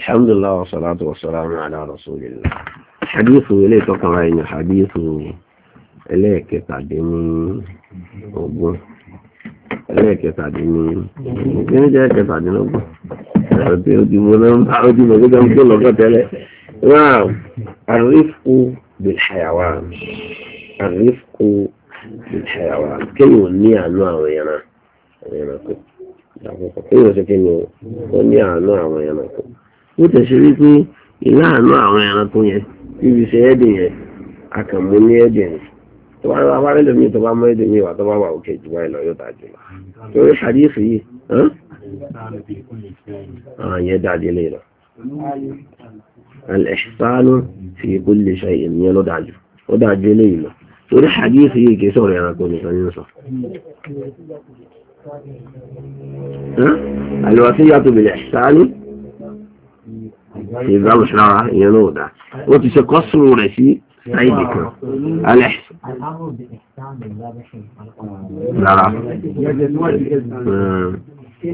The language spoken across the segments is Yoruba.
الحمد لله والصلاة والسلام على رسول الله حديث إليه تقرأ إن حديث إليك تعديني أبو إليك تعديني كم جاءك تعديني أبو أردت أجيبنا أردت أجيبنا كل قتلة نعم الرفق بالحيوان الرفق بالحيوان كي يوني عنه وينا وينا كي يوني عنه وينا كي ó tẹ̀sí wípé ìláàánú àwọn ẹranko yẹn bíbi ṣe ẹ́dìn yẹn akànmú ní ẹ́dìn yẹn tó bá lọ abárẹ́ lómi tó bá mọ ẹ́dìn yẹn wà tó bá wà òkè jù báyìí lọ yóò tà jù lọ torí tàbí èsì yìí àyẹ̀ dáadé lè lọ. Al-ihsanu fi kulli shay'in ìyẹn ló dájú ó dájú eléyìí lọ torí hadith yìí kìí sọ̀rọ̀ ẹranko nìkan ní sọ. Al-wasiyatu bil-ihsani ìgbàmù ṣára ìyẹn náà dá ó ti ṣe kọ́sùrù rẹ̀ sí ṣáìdì kan alẹ́ lára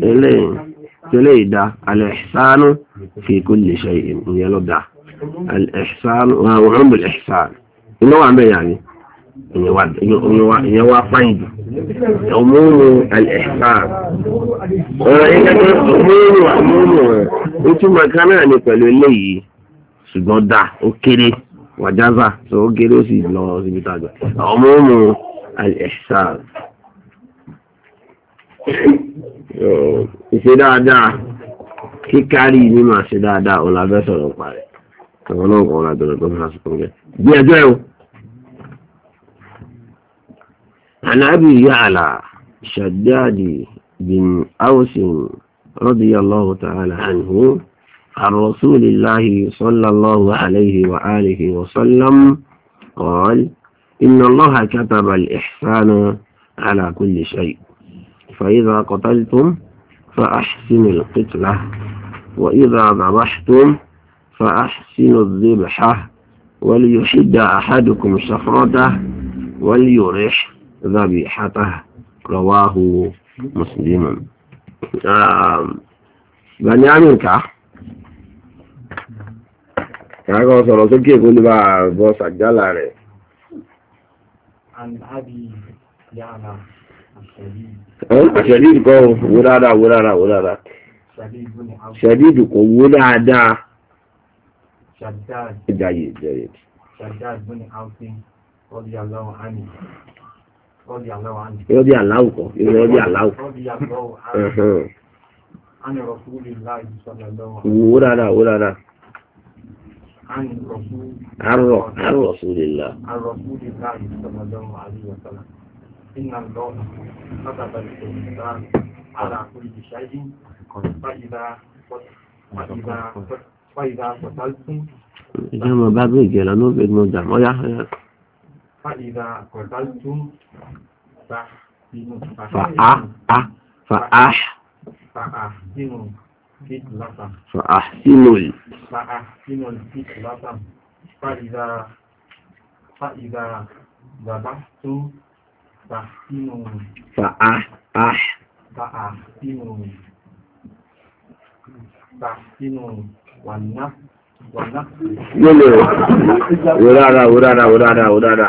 eléyìí tẹ́lẹ̀ ìdá alẹ́ṣánú fi kó lè ṣe ìyẹn ló dá alẹ́ṣánú ọ̀rọ̀ ìṣánú inú wa ń bẹ̀yà ni ìyẹn wá fáyìn jù ọmọọmọ àlẹ́fà ọ̀rọ̀ yẹn kẹ́kẹ́ ọmọọmọ ọmọọmọ ó túmọ̀ kan náà ní pẹ̀lú eléyìí ṣùgbọ́n dà ó kéré wàjáza tó ó kéré ó sì lọ síbi tàgbà ọmọọmọ àlẹ́fà ìṣe dáadáa kíkárí ní ṣe dáadáa ọ̀làbẹ́sọ̀rọ̀ عن أبي يعلى شداد بن أوس رضي الله تعالى عنه عن رسول الله صلى الله عليه وآله وسلم قال إن الله كتب الإحسان على كل شيء فإذا قتلتم فأحسنوا القتلة وإذا ذبحتم فأحسنوا الذبحة وليحد أحدكم شفرته وليرح ذبيحته رواه مسلم bani aminka ẹ̀kọ́ sọ̀rọ̀ sókè kó ní bá bọ́ sàjálà rẹ̀ ṣẹ̀dìdì kọ́ wó dáadáa wó dáadáa wó dáadáa ṣẹ̀dìdì kọ́ wó dáadáa ṣàdáyé jẹ́rẹ̀ ṣàdáyé rọ́bì aláwù kọ́ irú rọ́bì aláwù. wò dáadáa wò dáadáa. Arọ̀ arọ̀ sùlélà. Arọ̀ sùlélà yìí sọ̀rọ̀ lọ́wọ́ àdúgbò sọ̀rọ̀. Iná lọ́wọ́ látàbà ìṣòro náà ara àkóríjì ṣáájú. Fáyidá fáyidá fọ̀tálùkù. Ìjọba bá bí ìjẹ̀lá ló bẹ̀rẹ̀ mọ́ dà mọ́ yá. فإذا قتلتم فأحسنوا الفتنة فأحسنوا فأحسنوا الفتنة فإذا فإذا ذبحتم فأحسنوا فأح فأحسنوا فأحسنوا والنفس والنفس يلا ورارا ورارا ورارا ورارا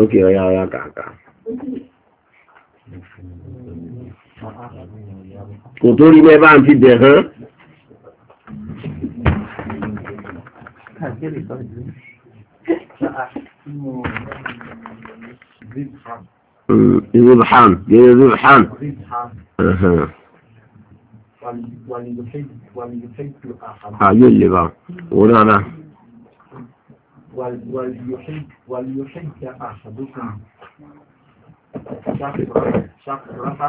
Ókè ọ̀yá ọ̀yá kàkà. Kò tó rí mẹ́bá àti dẹ̀ hán. Rizhan, yẹ́rẹ́ Rizhan. Wàlìyàn fẹ́ wọ́n náà náà wàlúyọ̀ṣẹ́jà àṣàdókùn ṣàfùrátà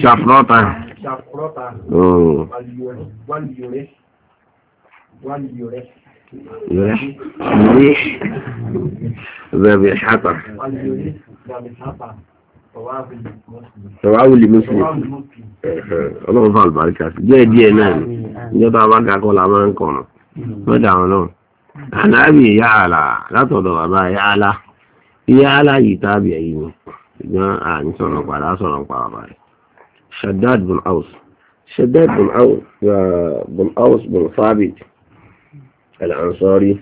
ṣàfùrátà wàlúyọ̀rẹ́ wàlúyọ̀rẹ́ يريح ذبي حطر tọ̀wáwìlì mùsùlùmí ọlọ́run fún àlùbáríkà díẹ̀ díẹ̀ náà ní ìjọba abága kọ́ la máa ń kọ̀nà mọ́dà hmm. àwọn náà عن أبي يعلى لا تضرب أبا يعلى يعلى يتابع يمين أنا سنة قرى سنة شداد بن أوس شداد بن أوس بن أوس بن ثابت الأنصاري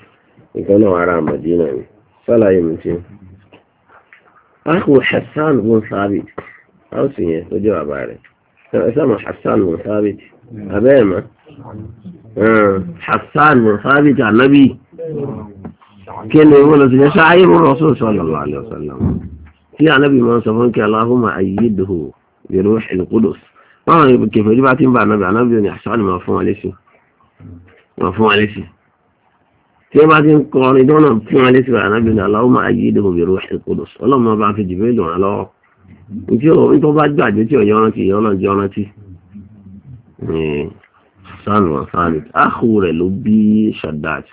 كانوا على مدينة فلا يمكن أخو حسان بن ثابت أوسية وجواب عليه اسمه حسان بن ثابت أبيما آه، حسان بن ثابت النبي kí ni wọ́n lọ sí ṣe ṣááyé Rasul sallallahu alaihi wasallam tí ànábì máa ń sọ fún kí Allahumma ayyidhu bi ruhil qudus báwọn kẹfẹ́ rí bá ti ń bá ànábì ànábì òní àṣà ni máa fún wa lẹ́sìn máa fún wa lẹ́sìn tí wọ́n bá ti ń kọrin dọ́nà fún wa lẹ́sìn ànábì òní Allahumma ayyidhu bi ruhil qudus ọlọ́mọ bá fi jìbẹ́ dùn án lọ́wọ́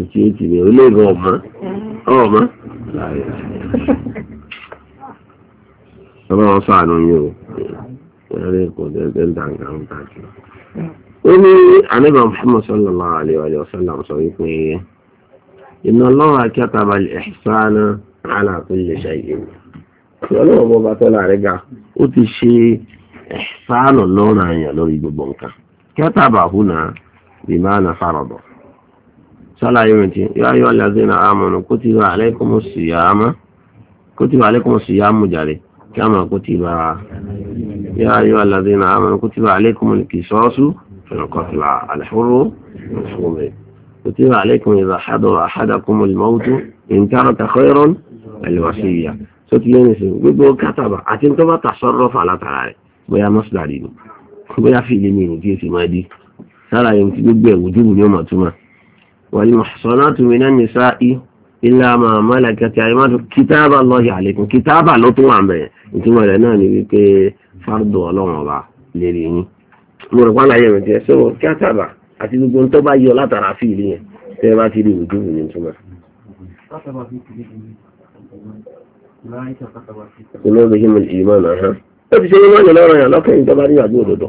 ètí ètì ni olóògbé ọmọ ọmọ ọlọ́run ọsọ yìí o ẹ̀rẹ́ Muhammad sallallahu wa sálàyé mi ti yá yọ lẹ́sìn náà àmọ̀nà kó ti wà lẹ́kọ̀ọ́ sí àmọ́ kó ti wà lẹ́kọ̀ọ́ sí àmọ̀ jàre kí àmọ̀ kó ti wà yá yọ lẹ́sìn náà àmọ̀nà kó ti wà lẹ́kọ̀ọ́ kì í sọ́ọ́sù fẹ̀rẹ̀kọ́ ti wà àlẹ́fọ́rọ́ ìfúnmi kó ti wà lẹ́kọ̀ọ́ ìzà àdọ̀ àhádàkùn mọ̀lmọ́tò ìǹkárọ̀ tàkọ́yọ̀rọ̀ àlùwàsíyà tó ti lẹ́nu sí gbogbo kátàbà àti tó bá tàṣọ́rọ̀ والمحصنات من النساء إلا ما ملكت أيمانكم كتاب الله عليكم كتاب الله tó wà ńbẹ̀ ìtumọ̀ rẹ̀ náà ni wípé fárúdù ọlọ́run ọba lérí yín mo rò pálá yẹn mẹtẹ sọ kátàbà àti gbogbo ń tó bá yọ látara fi ìlú yẹn tẹ bá ti rí ìdúró ní ìtumọ̀. olóògbé yìí mo ìmọ̀ náà hàn ó ti ṣe ìmọ̀ ìlọrin àlọ́kẹ́yìn tó bá rí àdúrà òdòdó.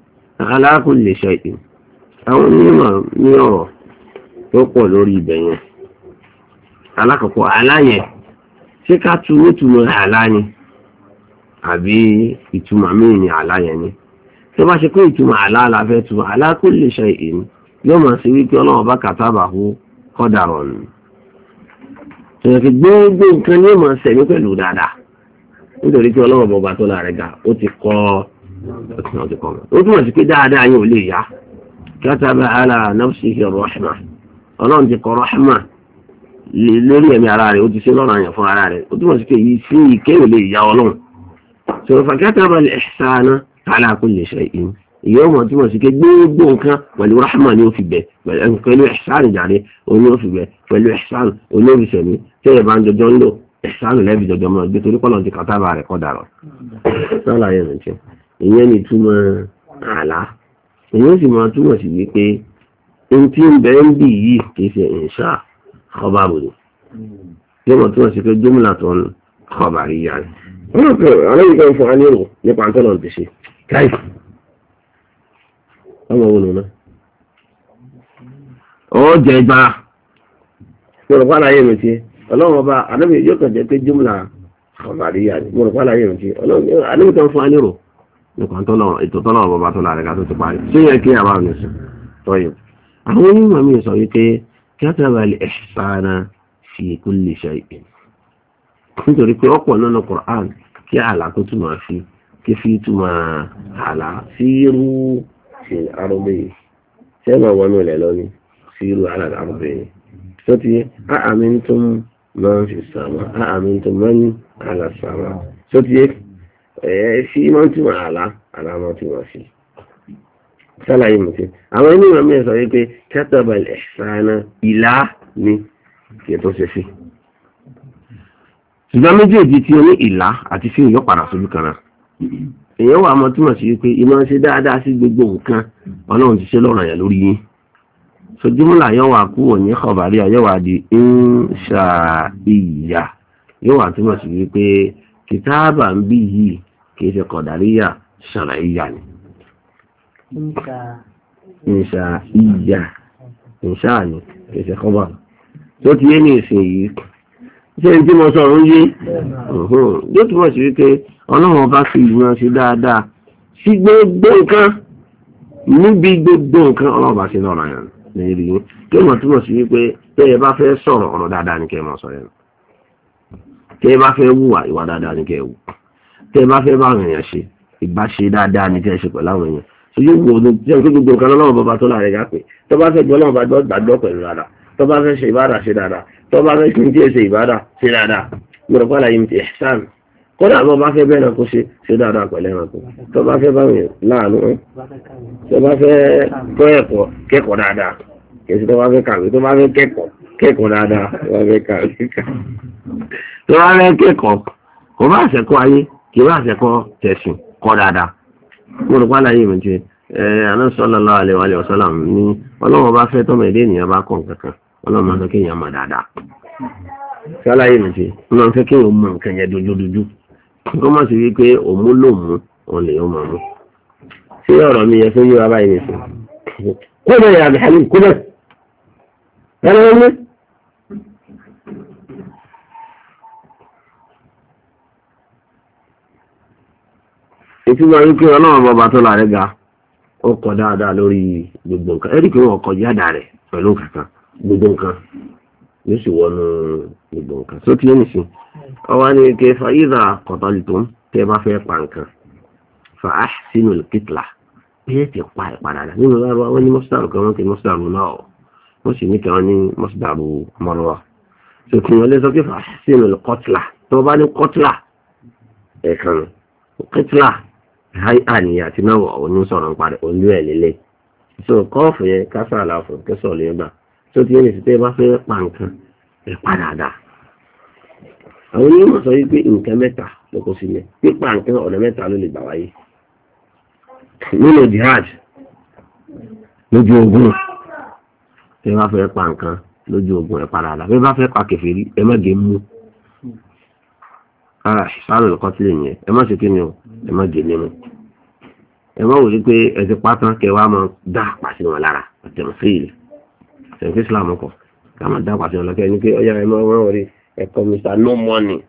aláàkùn lè ṣe àwọn onímọ̀ ní ọ̀rọ̀ tó pọ̀ lórí ibẹ̀ yẹn alákọ̀ọ́kọ́ ṣé ká tu àbí ìtumọ̀ míì ni aláyẹn ni tó bá ṣe pé ìtumọ̀ fẹ́ tu lè ṣe ìpín yóò mọ̀ sí wípé ọlọ́run bá kàtàbà hó kọ́dà rọ̀ nù tòyàn gbogbo nǹkan ní ìmọ̀ sẹ̀mí pẹ̀lú dáadáa nítorí pé ọlọ́run bọba tó lára ga ọ̀sán ọjọ́ kan ó túmọ̀ sí pé dáadáa yóò lè yá kátàbà àlà nafsihi rọ́ṣmà ọlọ́run ti kọ rọ́ṣmà lórí ẹ̀mí ara rẹ̀ ó ti ṣe lọ́rọ̀ àyàn fún ara rẹ̀ ó túmọ̀ sí pé yìí sí ìkéwò lè yá ọlọ́run sọ̀rọ̀ fàkátàbà al-ihsana àlà kulli shay'in ìyẹn ọmọ tí wọ́n sì ké gbogbo nǹkan pẹ̀lú rahman ni ó fi bẹ̀ pẹ̀lú ẹ̀sán ìjàre oní ó fi bẹ̀ pẹ̀lú ẹ̀sán olóòfìsẹ̀mí tẹ́yẹ̀ bá ń jọjọ́ ń lò ẹ̀sán lẹ́bi jọjọ́ mọ́ ọdún torí pọ́lọ́ kàtàbà rẹ̀ kọ́ dàrọ́ sọ́lá yẹn nìyẹn ìyẹn ni túmọ̀ àlá ìyẹn sì máa túmọ̀ sí wípé ohun tí ń bẹ ń bì yìí kì í ṣe ìṣà kọbàrù ni yóò mọ̀ túmọ̀ sí pé jumla tó ń kọbàrì yá ni. wọ́n rò pé ọlọ́yìn kan fún anílù nípa ń tọ́nà ìpèsè káì ọmọ wo nùnà ó jẹ gba mo rò pàdé ayé mi ti ọlọ́run ọba anábì yóò kàn jẹ́ pé jumla kọbàrì yá ni mo rò mi ti ọlọ́run anábì kan fún anílù nǹkan tọ́lọ́run ètò tọ́lọ́run bọ́ba tó lára ká tó ti parí ṣé yẹn kí àbá mi sùn tọ́yọ̀ àwọn onímọ̀ mi sọ wípé kẹtàbà lè ẹ̀sánà fi kulli shay'in nítorí pé ọ̀pọ̀ nínú Qur'an kí àlà tó túmọ̀ fi kí fi túmọ̀ àlà síírú sí arúgbó yìí ṣé máa wọnú ilẹ̀ lọ́ni síírú àlà arúgbó yìí tó ti àmì tó máa ń fi sàmà àmì tó máa ń àlà sàmà tó ti ẹ̀ sí mọ́tìmọ̀ àlá àlá mọ́tìmọ̀ sí sálàyé mọ̀tí àwọn inú ìrọ̀mí ẹ̀sọ̀ wípé kẹtàbàl ẹ̀sánà ìlà ni kí ẹ tó ṣe sí ṣùgbọ́n méjèèjì tí ó ní ìlà àti sí ìyọ́ padà sójú kan náà èèyàn wà mọ́ túmọ̀ sí wípé ìmọ̀ ṣe dáadáa sí gbogbo nǹkan ọlọ́run ti ṣe lọ́rọ̀ yẹn lórí yín sojúmọ́là yóò wà kúrò ní ọ̀bàrí yóò di ìṣà yóò wà túmọ̀ sí wípé kìtáàbà ń bí yìí kìí ṣe kọ̀dàríyà ṣàràíyà ni ìṣà ìyà ìṣà ni kìí ṣe kọ́bà tó ti yé ní ìsìn yìí ṣe ń tí mo sọ̀rọ̀ ń yé yóò túmọ̀ sí wípé ọlọ́run bá fi ìgbìmọ̀ sí dáadáa sí gbogbo nǹkan níbi gbogbo nǹkan ọlọ́run bá sí lọ́rọ̀ yẹn lẹ́yìn rí kí mo túmọ̀ sí wípé tẹ́ ẹ bá fẹ́ sọ̀rọ̀ ọ̀rọ̀ dáadáa ni kẹ́ ẹ mọ̀ sọ yẹn tẹ́ ẹ bá fẹ́ wùwà ìwà dáadáa ni kẹ́ ẹ wù tẹ́ bá fẹ́ bá àwọn èèyàn ṣe ìbáṣe dáadáa ní tẹ́ ṣe pẹ̀lú àwọn èèyàn tó yóò wò ó jẹ́ pé gbogbo nǹkan lọ́wọ́ bàbá tó láàrin gá pé tó bá fẹ́ gbọ́ lọ́wọ́ bá gbàgbọ́ pẹ̀lú dáadáa tó bá fẹ́ ṣe ìbára ṣe dáadáa tó bá fẹ́ kí n tiẹ̀ ṣe ìbára ṣe dáadáa gbọ́dọ̀ pàdà yìí ti ẹ̀sán kódà bọ́ bá fẹ́ bẹ́ẹ̀ náà kó ṣe ṣe dáadáa pẹ̀lú ẹranko tó bá fẹ́ bá wọn láàánú tó bá fẹ́ kọ́ ẹ̀kọ́ kẹ́kọ̀ọ́ dáadáa kẹsì tó bá fẹ́ kàwé tó bá fẹ́ kẹ́kọ̀ọ́ kẹ́kọ̀ọ́ dáadáa tó bá fẹ́ kàwé tó bá fẹ́ kẹ́kọ̀ọ́ kò bá ṣẹ̀kọ́ ayé kì bá àṣẹkọ́ tẹ̀sùn kọ́ dáadáa mo rò pálá yìí mẹ́tí alọ́sọ́lọ́lọ́ alẹ́wàlẹ́ ọ̀sọ́làm ní ọlọ́wọ́n bá fẹ́ tọ́mọ èdè ènìyàn bá kọ̀ kankan ọlọ́wọ́n máa fẹ́ kí èèyàn mọ̀ dáadáa sálá yìí mẹ́tí ọlọ́wọ́n fẹ́ kí èèyàn mọ̀ nǹkan yẹn dojúdojú kó má sì wípé òun ló mú òun lè mọ̀ mú sí ọ̀rọ̀ mi yẹn fún yíwa báyìí nìsín kó bẹ́ẹ̀ yà ìtumọ̀ wípé ọlọ́run bọba tó láre ga ó kọ dáadáa lórí gbogbo nǹkan ẹ̀rí pé wọ́n kọjá dà rẹ̀ pẹ̀lú kankan gbogbo nǹkan yóò sì wọnú gbogbo nǹkan tó ti ní sí ọwọ́ ni kí fàyíra kọ̀tọ́lì tó ń tẹ́ bá fẹ́ pa nǹkan fa á sínú kíkìlà bí ẹ ti pa ìpadà rẹ̀ nínú lára wọn ní mọ́sítàrù kan wọ́n kì í mọ́sítàrù náà wọ́n sì ní kí wọ́n ní mọ́sítàrù mọ́rọ́wà tó ti háyà ni àti mẹ́wàá òun sọ̀rọ̀ nípa olú so kọ́ọ̀fù yẹn kásá àlàfo kẹsọ̀ lè gbà tó ti yẹn lè fi bá fẹ́ pa nǹkan ẹ̀ padà dà àwọn onímọ̀ sọ wípé nǹkan mẹ́ta ló kó sílẹ̀ pípa nǹkan ọ̀nà mẹ́ta ló lè gbà wáyé nínú jihad lójú ogun ẹ bá fẹ́ pa nǹkan lójú ogun ẹ̀ padà dà bá pa ẹ má ara ah, ṣàrò ìkọsílẹ̀ yẹn ẹ má ṣe kí ni o ẹ má gèlè mu ẹ má wòye pé ẹ ti pátán kẹ wàá máa dá pàṣẹ wọn lára àtẹ̀mọ̀ sí ilẹ̀ àtẹ̀mọ̀ sí Islam kọ ká máa dá pàṣẹ wọn lára kẹ́ni pé ọ̀yà ẹ máa wọ́n rí ẹ̀kọ́ Mr No Money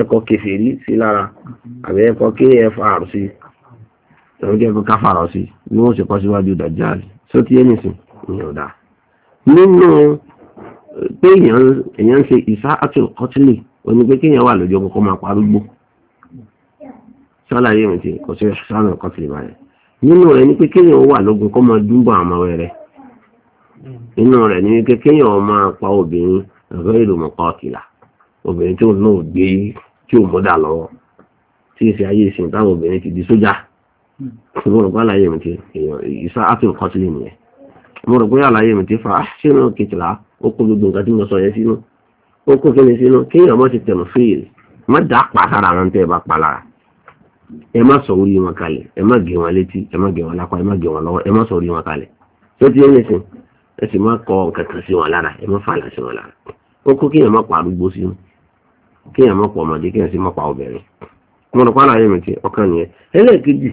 ẹ̀kọ́ kẹfìrí sí lára àbí ẹ̀kọ́ KFR sí tàbí kẹ́kọ́ káfàrọ̀ sí ni wọ́n ṣe kọ́ síwájú ìdájà só ti ẹni sìn ìyẹn ò dáa nínú pé èèyàn ń ṣe ìsáàtì kọ́tílì onu kéèyàn wà lójú ogun kó máa parúgbó sálàyé mi ti kò sí sánà ọkọ tìlì báyẹ nínú rẹ̀ ni pé kéèyàn wà lógun kó máa dúnbọ ọrụ rẹ̀ nínú rẹ̀ ni pé kéèyàn máa pa obìnrin ẹgbẹ ìlú mọkà ọkìlà obìnrin tí náà gbé tí lọ́wọ́ tí ayé ìsìn táwọn obìnrin ti di sójà mo àlàyé mi ti àti ó kó kíni sínú kéèyàn mọ́ ti tẹ̀mọ̀ fíìl má dà pa sára àwọn tẹ́ ẹ bá pa lára ẹ má sọ orí wọn kalẹ̀ ẹ má gé wọn létí ẹ má gé wọn lápá ẹ má gé wọn lọ́wọ́ ẹ má sọ orí wọn kalẹ̀ tó ti ẹni sìn ẹ sì má kọ kankan sí wọn lára ẹ má fàlà sí wọn lára ó kó kéèyàn má pa arúgbó sínú kéèyàn má pa ọmọdé kéèyàn sì má pa obìnrin mo rò pàrọ̀ ayé mi ti ọkàn nìyẹn ẹlẹ́ẹ̀kejì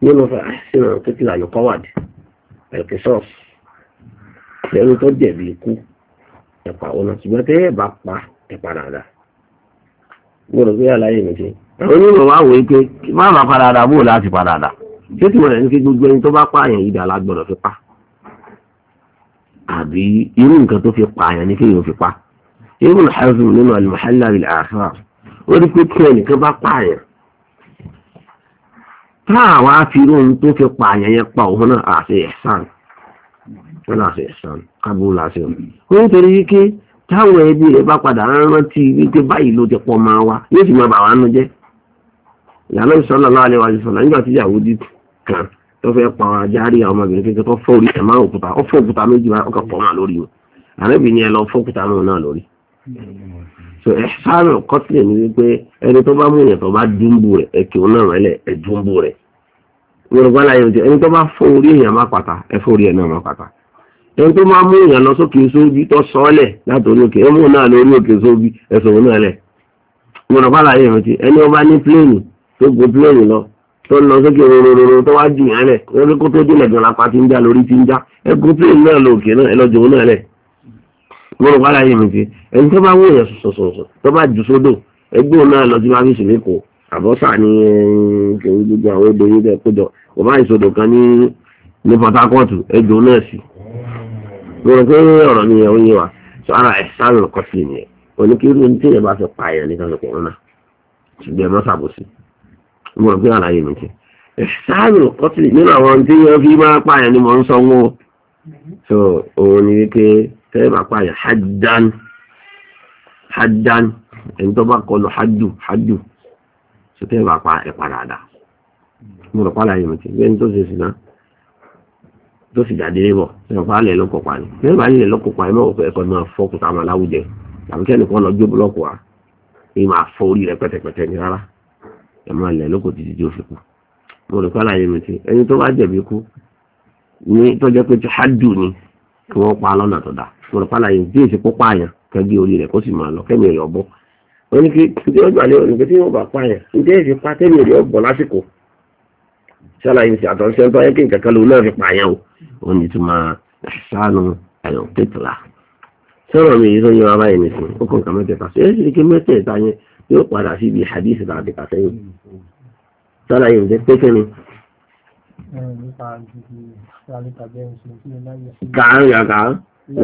ní kọ́wàdì ẹ̀kẹ́sọ́ọ̀sì lẹ́nu ẹ̀pà ọ̀nà ṣùgbọ́n tẹ́ ẹ̀ bá pa ẹ̀pà dáadáa gbọ́dọ̀ pé àlàyé mi ṣe. onímọ̀ wá wòye pé má bàa pa dáadáa bóò láti pa dáadáa ṣé tí mo rẹ̀ ní kí gbogbo ẹni tó bá pààyàn yìí dáa lágbọ́dọ̀ fi pa àbí irú nǹkan tó fi pààyàn ní kéèyàn fi pa irú Hazm nínú al-Muhalla bil-Athar ó rí pé kí ẹnìkan bá pààyàn táà wá fi irú ohun tó fi pààyàn yẹn pa òun náà àti ẹ̀sán wọ́n láti ẹ̀sán kábù láti ọ̀hún. Mm. ó ń torí wípé táwọn ẹbí rẹ̀ bá padà rántí wípé báyìí ló ti máa wá yóò sì máa bà wá nú wa nígbà tí kan tó fẹ́ pa ajárí ọmọbìnrin kékeré orí máa òkúta ó òkúta méjì máa máa lórí o àrẹ́bìnrin ẹ lọ fọ́ òkúta mọ́ náà lórí. so ẹ̀sánù kọ́tìlẹ̀ wípé ẹni tó bá mú yẹn tó bá dúnbù náà ẹni tó bá orí pàtà ẹ ẹni tó máa mú èèyàn lọ sókè sóbi tó sọ ọ́lẹ̀ látòrí òkè ẹmú náà lórí òkè sóbi ẹ̀sùn òun náà lẹ̀ ìmọ̀nà fàlà yẹn rántí ẹni ó ní pléènì tó gun pléènì lọ tó lọ sókè rororo tó wá jù yẹn lẹ̀ lórí kó tó délẹ̀ gan lápá ti ń já lórí ti ń já ẹ gun pléènì náà lọ òkè náà ẹ lọ òun náà lẹ̀ ìmọ̀nà fàlà yẹn rántí ẹni tó bá wó èèyàn sọ̀sọ̀sọ̀ tó bá jù sódò ẹgbẹ́ gbọ́dọ̀ pé ọ̀rọ̀ mi yẹn ó yé wa sọ ara ẹ̀sán lọ kọ́ sí nìyẹn oníkírú ní tíyẹn bá fi pààyàn ní kan kòrónà náà ṣùgbọ́n ẹ má ṣàbòsí gbọ́dọ̀ pé àlàyé mi ti ẹ̀sán lọ kọ́ sí nínú àwọn tíyẹn fi máa pààyàn ni mò ń sọ so òun ni wípé tẹ́lẹ̀ bá pààyàn hajjan hajjan ẹni tó bá kọlu hajju hajju so tẹ́lẹ̀ bá pa ẹ̀pà dáadáa mo rọ̀ pààyàn mi ti bẹ́ẹ̀ ni tó ṣe sí náà tó sì jáde lébọ̀ ẹ̀fọ́ alẹ́ lọ́kọ̀ parí nígbà yìí lọ́kọ̀ parí mọ́ òkú ẹ̀kọ́ máa fọ́ kùtà máa láwùjẹ tàbí kẹ́ni kan lọ jó búlọ́ọ̀kù wa ni máa fọ́ orí rẹ pẹ́tẹ́pẹ́tẹ́ ní rárá ẹ̀ máa lẹ̀ lọ́kọ̀ títí tí ó fi kú mo rò pé àlàyé mi ti ẹni tó bá jẹ̀bi kú ní tó jẹ́ pé ti hádù ni kí wọ́n pa lọ́nà tó dá mo rò pé àlàyé bí èsì kó pààyàn kan gé orí rẹ̀ kó sì máa lọ kẹ́mi ẹ̀yọ̀ bọ́ wọ́n ní kí tí ó gbà lé òní pé tí wọ́n bá pààyàn ní tí èsì pa tẹ́mi ṣàlàyé sí àtọ̀nṣẹ́ tó ayé kí nǹkan kan lòun náà fi pààyàn o òun ni túmọ̀ ṣáànù ẹ̀rọ pẹ̀tìlá sọ̀rọ̀ mi yìí tó yẹ wá báyìí nìsín ó kàn kà mẹ́tẹ̀ẹ̀ta sí èyí sì kí mẹ́tẹ̀ẹ̀ta yẹn yóò padà sí ibi hadith tàbí kàtẹ́yìn ṣàlàyé ń jẹ́ pẹ́kẹ́ ni. kàán yà kàán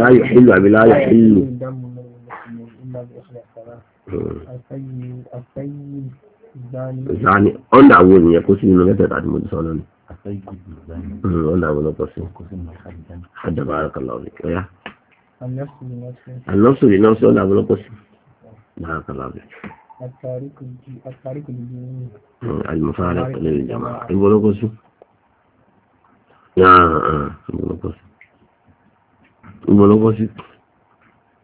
láyò xìlù àbí láyò xìlù. Hmm zani ọ̀ndà wo nìyẹn kó sí inú mẹ́tẹ̀ẹ̀ta tí mo ti sọ lónìí. ọ̀ndà hmm, wo lọ́pọ̀ sí. àjọba àrùkọ̀lọ̀ ọ̀rẹ́ ọ̀yá. àlọ́sùnrin náà sí ọ̀ndà wo lọ́pọ̀ sí. àrùkọ̀lọ̀ ọ̀rẹ́. àlùmọ̀fáàrẹ̀ pẹ̀lú ìjọba ìwọ lọ́pọ̀ sí. ìwọ lọ́pọ̀ sí.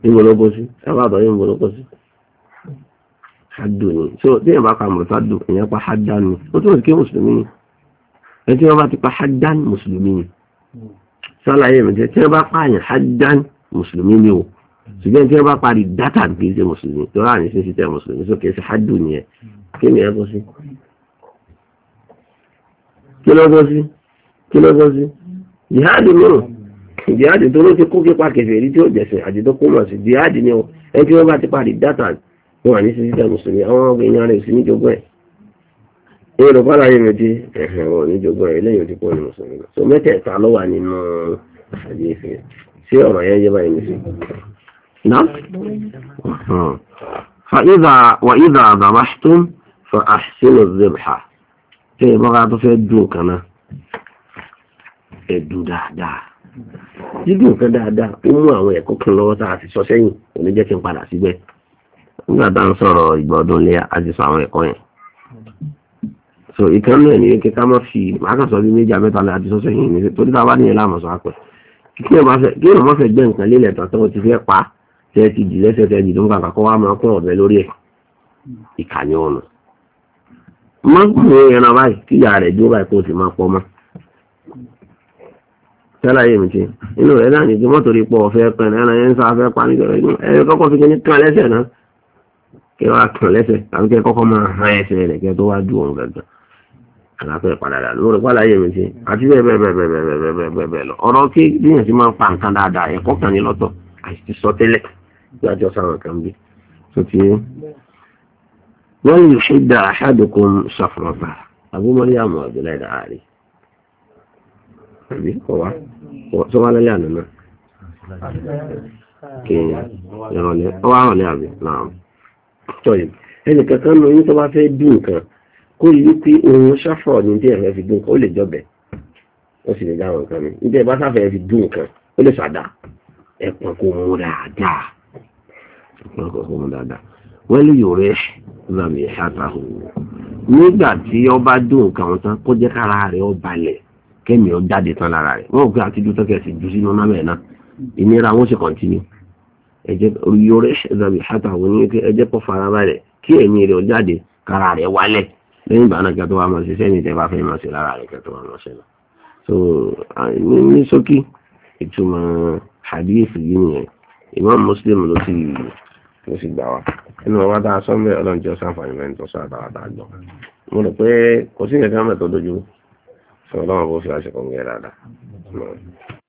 ìwọ lọ́pọ̀ sí. sábà àbáyé ìwọ lọ́pọ̀ hadu ni so tí èèyàn bá ka mọ̀tádù èèyàn pa hadan ni ó túnbọ̀ kí mùsùlùmí ni ẹni tí wọ́n bá ti pa hadan mùsùlùmí ni sálàyé mi tí wọ́n bá pààyàn hadan mùsùlùmí ni o ṣùgbọ́n tí wọ́n bá parí dátà kì í ṣe mùsùlùmí tó láàrin sí sí tẹ mùsùlùmí sókè ṣe hadu ni ẹ kí ni ẹ bọ́ sí kí ló bọ́ sí kí ló bọ́ sí jihadi mìíràn jihadi tó ló ti kó kípa kẹfẹ́ rí tí ó jẹ̀sìn wọn ní sí sísẹ mùsùlùmí àwọn obìnrin rẹ sì ẹ ní yorùbá láyé mi dé ẹ lẹ́yìn òdìpọ ní mùsùlùmí so mẹ́tẹ̀ẹ̀ta ló wà nínú àdé ìfẹ́ sí ọ̀rọ̀ yẹn yé báyìí nìsí. فإذا وإذا ذبحتم فأحسنوا الذبحة ẹ bọ́ra tó fẹ́ dùn kan náà dáadáa dídùn kan dáadáa ó mú àwọn ẹ̀kọ́ kan lọ́wọ́ tá a ti sọ sẹ́yìn kí nígbà tá ń sọ̀rọ̀ ìgbọ̀dún lé àjíṣọ àwọn ẹ̀kọ́ yẹn so ìkan náà ní kíkà má fi àkàsọ bí méjì abẹ́tàlẹ̀ àjíṣọ sẹ́yìn ní tó dídá bá níyẹn láàmú sọ́pẹ́ kí èèyàn má fẹ́ gbé nǹkan lélẹ̀ tán tó ti fẹ́ pa tẹ́ ti jì lẹ́sẹ̀ tẹ́ jì tó ń kàkà kó wá máa pọ́n ọ̀bẹ lórí ẹ̀ ìkànnì ọ̀nà má mú ẹran báyìí kíyà rẹ̀ dúró báyìí kó o sì máa pọ́ mọ́ mi ti inú rẹ̀ náà mọ́tò rí pọ̀ ẹran yẹn ń sá fẹ́ pa kí wọ́n á kàn lẹ́sẹ̀ tàbí kí ẹ kọ́kọ́ máa hán ẹsẹ̀ rẹ̀ kí ẹ tó wá ju òun gangan àlàáfẹ́ ìpadàdà lórí pàlàyé mi sí àti bẹ́ẹ̀ bẹ́ẹ̀ bẹ́ẹ̀ bẹ́ẹ̀ bẹ́ẹ̀ bẹ́ẹ̀ bẹ́ẹ̀ bẹ́ẹ̀ lọ ọ̀rọ̀ kí bíyàn sí máa ń pa nǹkan dáadáa ẹ̀kọ́ kan ní lọ́tọ̀ àti sọ tẹ́lẹ̀ gbájọ́ sáwọn kan bí tó ti wọ́n lè ṣe dá aṣáàdùkún ṣàfùrọ̀bà àbúmọ́lé àmọ́ ọ̀dọ́lá tọ̀yìn ẹnì kankan ló yín tó bá fẹ́ bí nǹkan kó rí i pé òun ṣàfọ̀ ní bí ẹ̀rọ fi dún nǹkan ó lè jọbẹ̀ ó sì lè dá àwọn nǹkan mi níbi ẹ̀ bá sáfẹ́ fi dún nǹkan ó lè sàdá ẹ̀pọ̀n kò mú dáadáa ẹ̀pọ̀n kò mú dáadáa wọ́n lè yòó rẹ̀ lọ́mì ṣàtàhù nígbà tí ó bá dún nǹkan wọn tán kó jẹ́ kára rẹ̀ ó balẹ̀ kẹ́mi ó jáde tán lára rẹ̀ wọ́n ò pé àtijú tán ẹ̀jẹ̀ yorùbá ṣẹ̀dàbí ṣàtà àwọn ní pé ẹjẹ́ kọ́ farabalẹ̀ kí ẹ̀mí rẹ̀ jáde kára rẹ̀ wálẹ̀ lẹ́yìn ìgbà náà kẹtọ́ wa máa ṣiṣẹ́ ní ìjẹba fẹ́ máa ṣe lára rẹ̀ kẹtọ́ wa máa ṣe lọ. so ní ṣókí ìtumọ̀ hadith yìí nìyẹn Imam Muslim ló ti ló ti gbà wá nínú ọwọ́ tá a sọ mẹ́ ọlọ́run jẹ́ sáfàní mẹ́rin tó sáà tàwa tá a gbọ́ mo rò pé kò sí ìyẹn mẹ́tọ́ dojú sọ ọlọ́run kò fi àṣekọ̀ngẹ́ dáadáa.